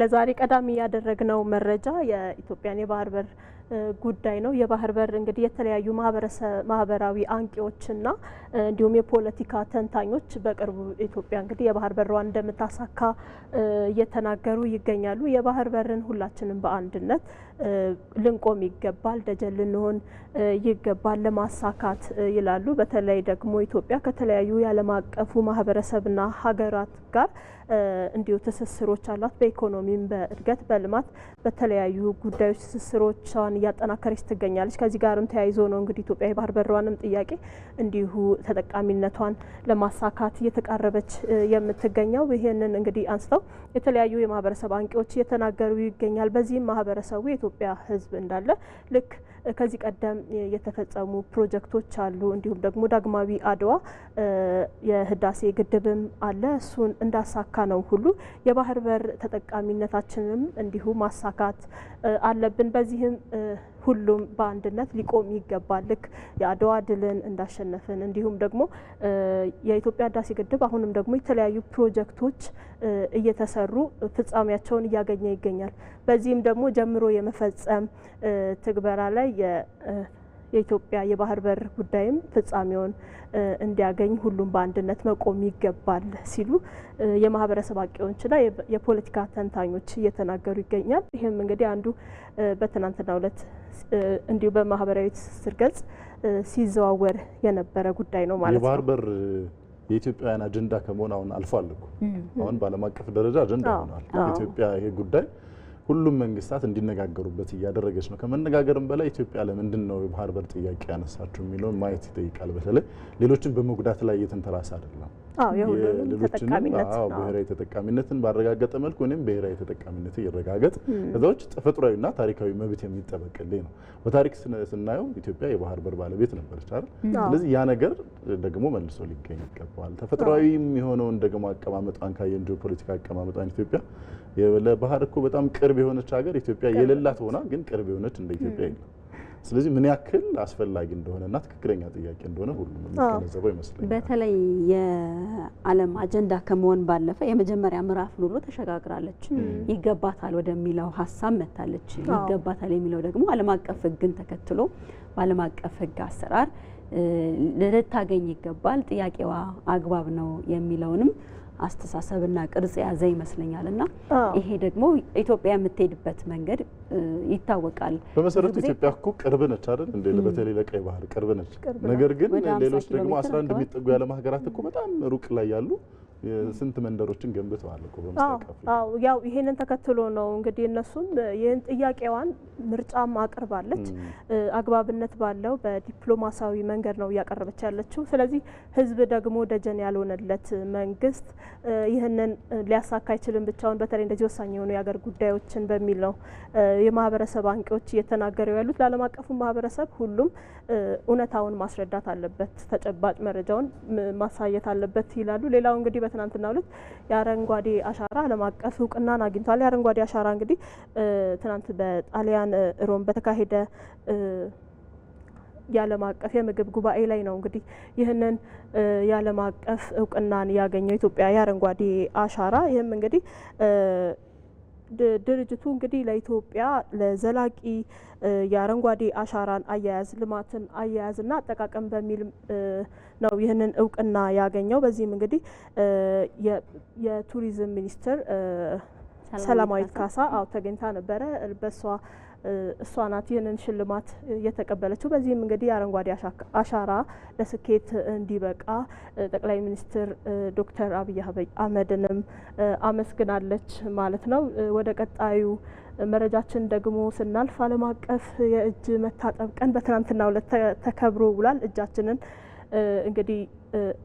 ለዛሬ ቀዳሚ ያደረግነው መረጃ የኢትዮጵያን የባህር በር ጉዳይ ነው። የባህር በር እንግዲህ የተለያዩ ማህበራዊ አንቂዎችና እንዲሁም የፖለቲካ ተንታኞች በቅርቡ ኢትዮጵያ እንግዲህ የባህር በሯን እንደምታሳካ እየተናገሩ ይገኛሉ። የባህር በርን ሁላችንም በአንድነት ልንቆም ይገባል፣ ደጀን ልንሆን ይገባል ለማሳካት ይላሉ። በተለይ ደግሞ ኢትዮጵያ ከተለያዩ የዓለም አቀፉ ማህበረሰብና ሀገራት ጋር እንዲሁ ትስስሮች አሏት። በኢኮኖሚም፣ በእድገት፣ በልማት በተለያዩ ጉዳዮች ትስስሮቿን እያጠናከረች ትገኛለች። ከዚህ ጋርም ተያይዞ ነው እንግዲህ ኢትዮጵያ የባህር በሯንም ጥያቄ እንዲሁ ተጠቃሚነቷን ለማሳካት እየተቃረበች የምትገኘው። ይህንን እንግዲህ አንስተው የተለያዩ የማህበረሰብ አንቂዎች እየተናገሩ ይገኛል። በዚህም ማህበረሰቡ የኢትዮጵያ ሕዝብ እንዳለ ልክ ከዚህ ቀደም የተፈጸሙ ፕሮጀክቶች አሉ። እንዲሁም ደግሞ ዳግማዊ አድዋ የህዳሴ ግድብም አለ። እሱን እንዳሳካ ነው ሁሉ የባህር በር ተጠቃሚነታችንም እንዲሁ ማሳካት አለብን። በዚህም ሁሉም በአንድነት ሊቆም ይገባል። ልክ የአድዋ ድልን እንዳሸነፍን እንዲሁም ደግሞ የኢትዮጵያ ህዳሴ ግድብ አሁንም ደግሞ የተለያዩ ፕሮጀክቶች እየተሰሩ ፍጻሜያቸውን እያገኘ ይገኛል። በዚህም ደግሞ ጀምሮ የመፈጸም ትግበራ ላይ የኢትዮጵያ የባህር በር ጉዳይም ፍጻሜውን እንዲያገኝ ሁሉም በአንድነት መቆም ይገባል ሲሉ የማህበረሰብ አዋቂዎችና የፖለቲካ ተንታኞች እየተናገሩ ይገኛል። ይህም እንግዲህ አንዱ በትናንትናው ዕለት እንዲሁ በማህበራዊ ትስስር ገጽ ሲዘዋወር የነበረ ጉዳይ ነው ማለት ነው። የባህር በር የኢትዮጵያውያን አጀንዳ ከመሆን አሁን አልፎ አለኩ አሁን በዓለም አቀፍ ደረጃ አጀንዳ ሆኗል። ኢትዮጵያ ይሄ ጉዳይ ሁሉም መንግስታት እንዲነጋገሩበት እያደረገች ነው። ከመነጋገርም በላይ ኢትዮጵያ ለምንድን ነው የባህር በር ጥያቄ ያነሳችሁ የሚለውን ማየት ይጠይቃል። በተለይ ሌሎችን በመጉዳት ላይ እየተንተራሰ አይደለም። ብሔራዊ ተጠቃሚነትን ባረጋገጠ መልኩ ወይም ብሔራዊ ተጠቃሚነት ይረጋገጥ፣ ከዛ ውጭ ተፈጥሯዊና ታሪካዊ መብት የሚጠበቅልኝ ነው። በታሪክ ስናየው ኢትዮጵያ የባህር በር ባለቤት ነበረች አይደል? ስለዚህ ያ ነገር ደግሞ መልሶ ሊገኝ ይገባል። ተፈጥሯዊ የሆነውን ደግሞ አቀማመጧን ካየን ጂኦፖለቲካ አቀማመጧን ኢትዮጵያ ለባህር እኮ በጣም ቅርብ የሆነች ሀገር ኢትዮጵያ የሌላት ሆና ግን ቅርብ የሆነች እንደ ኢትዮጵያ የለም። ስለዚህ ምን ያክል አስፈላጊ እና ትክክለኛ ጥያቄ እንደሆነ ሁሉም የሚገነዘበው ይመስለኛል። በተለይ የዓለም አጀንዳ ከመሆን ባለፈ የመጀመሪያ ምዕራፍን ሁሉ ተሸጋግራለች። ይገባታል ወደሚለው ሀሳብ መታለች። ይገባታል የሚለው ደግሞ ዓለም አቀፍ ሕግን ተከትሎ በዓለም አቀፍ ሕግ አሰራር ልታገኝ ይገባል ጥያቄዋ አግባብ ነው የሚለውንም አስተሳሰብና ቅርጽ የያዘ ይመስለኛል እና ይሄ ደግሞ ኢትዮጵያ የምትሄድበት መንገድ ይታወቃል። በመሰረቱ ኢትዮጵያ እኮ ቅርብ ነች አይደል እንዴ? በተለይ ለቀይ ባህር ቅርብ ነች። ነገር ግን ሌሎች ደግሞ አስራ አንድ የሚጠጉ የዓለም ሀገራት እኮ በጣም ሩቅ ላይ ያሉ ስንት መንደሮችን ገንብተዋል እኮ በምስራቅ ያው ይሄንን ተከትሎ ነው እንግዲህ እነሱም ይህን ጥያቄዋን ምርጫም አቅርባለች። አግባብነት ባለው በዲፕሎማሲያዊ መንገድ ነው እያቀረበች ያለችው። ስለዚህ ህዝብ ደግሞ ደጀን ያልሆነለት መንግስት ይህንን ሊያሳካ አይችልም ብቻውን፣ በተለይ እንደዚህ ወሳኝ የሆኑ የሀገር ጉዳዮችን በሚል ነው የማህበረሰብ አንቂዎች እየተናገሩ ያሉት። ለአለም አቀፉ ማህበረሰብ ሁሉም እውነታውን ማስረዳት አለበት፣ ተጨባጭ መረጃውን ማሳየት አለበት ይላሉ። ሌላው እንግዲህ በትናንትናው ዕለት የአረንጓዴ አሻራ ዓለም አቀፍ እውቅናን አግኝቷል። የአረንጓዴ አሻራ እንግዲህ ትናንት በጣሊያን ሮም በተካሄደ የዓለም አቀፍ የምግብ ጉባኤ ላይ ነው እንግዲህ ይህንን የዓለም አቀፍ እውቅናን ያገኘው ኢትዮጵያ የአረንጓዴ አሻራ ይህም እንግዲህ ድርጅቱ እንግዲህ ለኢትዮጵያ ለዘላቂ የአረንጓዴ አሻራን አያያዝ ልማትን አያያዝና አጠቃቀም በሚል ነው ይህንን እውቅና ያገኘው። በዚህም እንግዲህ የቱሪዝም ሚኒስቴር ሰላማዊት ካሳ አዎ ተገኝታ ነበረ። በእሷ እሷ ናት ይህንን ሽልማት የተቀበለችው። በዚህም እንግዲህ የአረንጓዴ አሻራ ለስኬት እንዲበቃ ጠቅላይ ሚኒስትር ዶክተር አብይ አህመድንም አመስግናለች ማለት ነው። ወደ ቀጣዩ መረጃችን ደግሞ ስናልፍ ዓለም አቀፍ የእጅ መታጠብ ቀን በትናንትናው ዕለት ተከብሮ ውሏል። እጃችንን እንግዲህ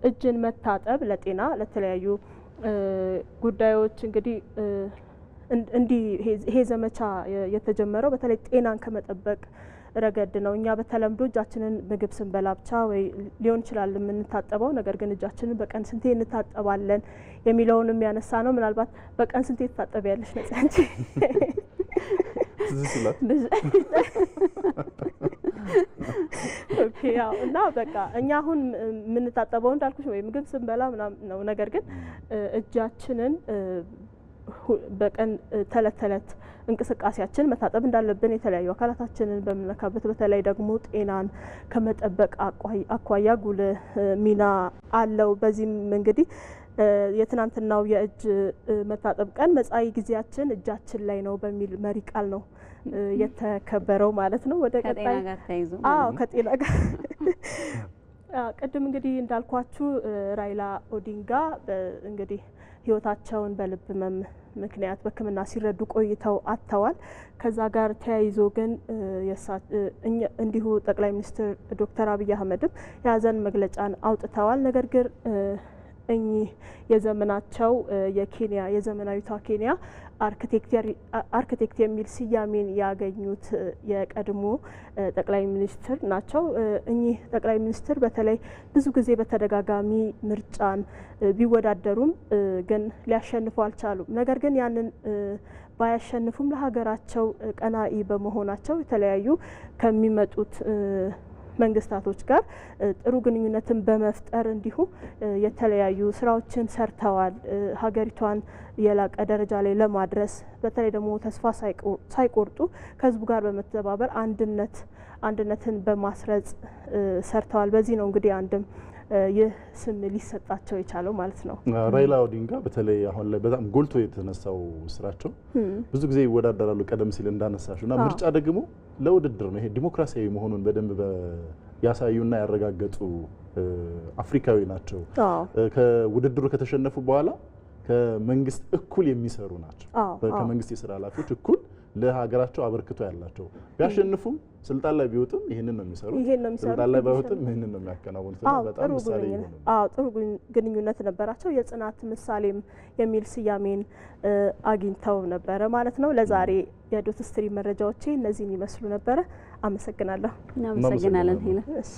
እጅን መታጠብ ለጤና ለተለያዩ ጉዳዮች እንግዲህ እንዲህ ይሄ ዘመቻ የተጀመረው በተለይ ጤናን ከመጠበቅ ረገድ ነው። እኛ በተለምዶ እጃችንን ምግብ ስንበላ ብቻ ወይ ሊሆን ይችላል የምንታጠበው፣ ነገር ግን እጃችንን በቀን ስንቴ እንታጠባለን የሚለውን የሚያነሳ ነው። ምናልባት በቀን ስንቴ ያለች ነጽ እንጂ እና በቃ እኛ አሁን የምንታጠበው እንዳልኩሽ ወይ ምግብ ስንበላ ምናምን ነው። ነገር ግን እጃችንን በቀን ተለት ተለት እንቅስቃሴያችን መታጠብ እንዳለብን የተለያዩ አካላታችንን በምንነካበት በተለይ ደግሞ ጤናን ከመጠበቅ አኳያ ጉልህ ሚና አለው። በዚህም እንግዲህ የትናንትናው የእጅ መታጠብ ቀን መጻኢ ጊዜያችን እጃችን ላይ ነው በሚል መሪ ቃል ነው የተከበረው ማለት ነው። ወደ ቀጣይ ከጤና ጋር ቅድም እንግዲህ እንዳልኳችሁ ራይላ ኦዲንጋ እንግዲህ ህይወታቸውን በልብ ህመም ምክንያት በሕክምና ሲረዱ ቆይተው አጥተዋል። ከዛ ጋር ተያይዞ ግን እንዲሁ ጠቅላይ ሚኒስትር ዶክተር አብይ አህመድም የሀዘን መግለጫን አውጥተዋል። ነገር ግን እኚህ የዘመናቸው የኬንያ የዘመናዊቷ ኬንያ አርክቴክት የሚል ስያሜን ያገኙት የቀድሞ ጠቅላይ ሚኒስትር ናቸው። እኚህ ጠቅላይ ሚኒስትር በተለይ ብዙ ጊዜ በተደጋጋሚ ምርጫን ቢወዳደሩም ግን ሊያሸንፉ አልቻሉም። ነገር ግን ያንን ባያሸንፉም ለሀገራቸው ቀናኢ በመሆናቸው የተለያዩ ከሚመጡት መንግስታቶች ጋር ጥሩ ግንኙነትን በመፍጠር እንዲሁም የተለያዩ ስራዎችን ሰርተዋል። ሀገሪቷን የላቀ ደረጃ ላይ ለማድረስ በተለይ ደግሞ ተስፋ ሳይቆርጡ ከህዝቡ ጋር በመተባበር አንድነት አንድነትን በማስረጽ ሰርተዋል። በዚህ ነው እንግዲህ አንድም ይህ ስም ሊሰጣቸው የቻለው ማለት ነው። ራይላ ኦዲንጋ በተለይ አሁን ላይ በጣም ጎልቶ የተነሳው ስራቸው ብዙ ጊዜ ይወዳደራሉ፣ ቀደም ሲል እንዳነሳሽው እና ምርጫ ደግሞ ለውድድር ነው። ይሄ ዲሞክራሲያዊ መሆኑን በደንብ ያሳዩና ያረጋገጡ አፍሪካዊ ናቸው። ከውድድሩ ከተሸነፉ በኋላ ከመንግስት እኩል የሚሰሩ ናቸው። ከመንግስት የስራ ኃላፊዎች እኩል ለሀገራቸው አበርክቶ ያላቸው ቢያሸንፉም ስልጣን ላይ ቢወጡም ይህንን ነው የሚሰሩ ስልጣን ላይ ባይወጡም ይህንን ነው የሚያከናውኑት። በጣም ምሳሌ ጥሩ ግንኙነት ነበራቸው። የጽናት ምሳሌም የሚል ስያሜን አግኝተው ነበረ ማለት ነው። ለዛሬ የዶት ስትሪም መረጃዎቼ እነዚህን ይመስሉ ነበረ። አመሰግናለሁ። እናመሰግናለን ሄለን።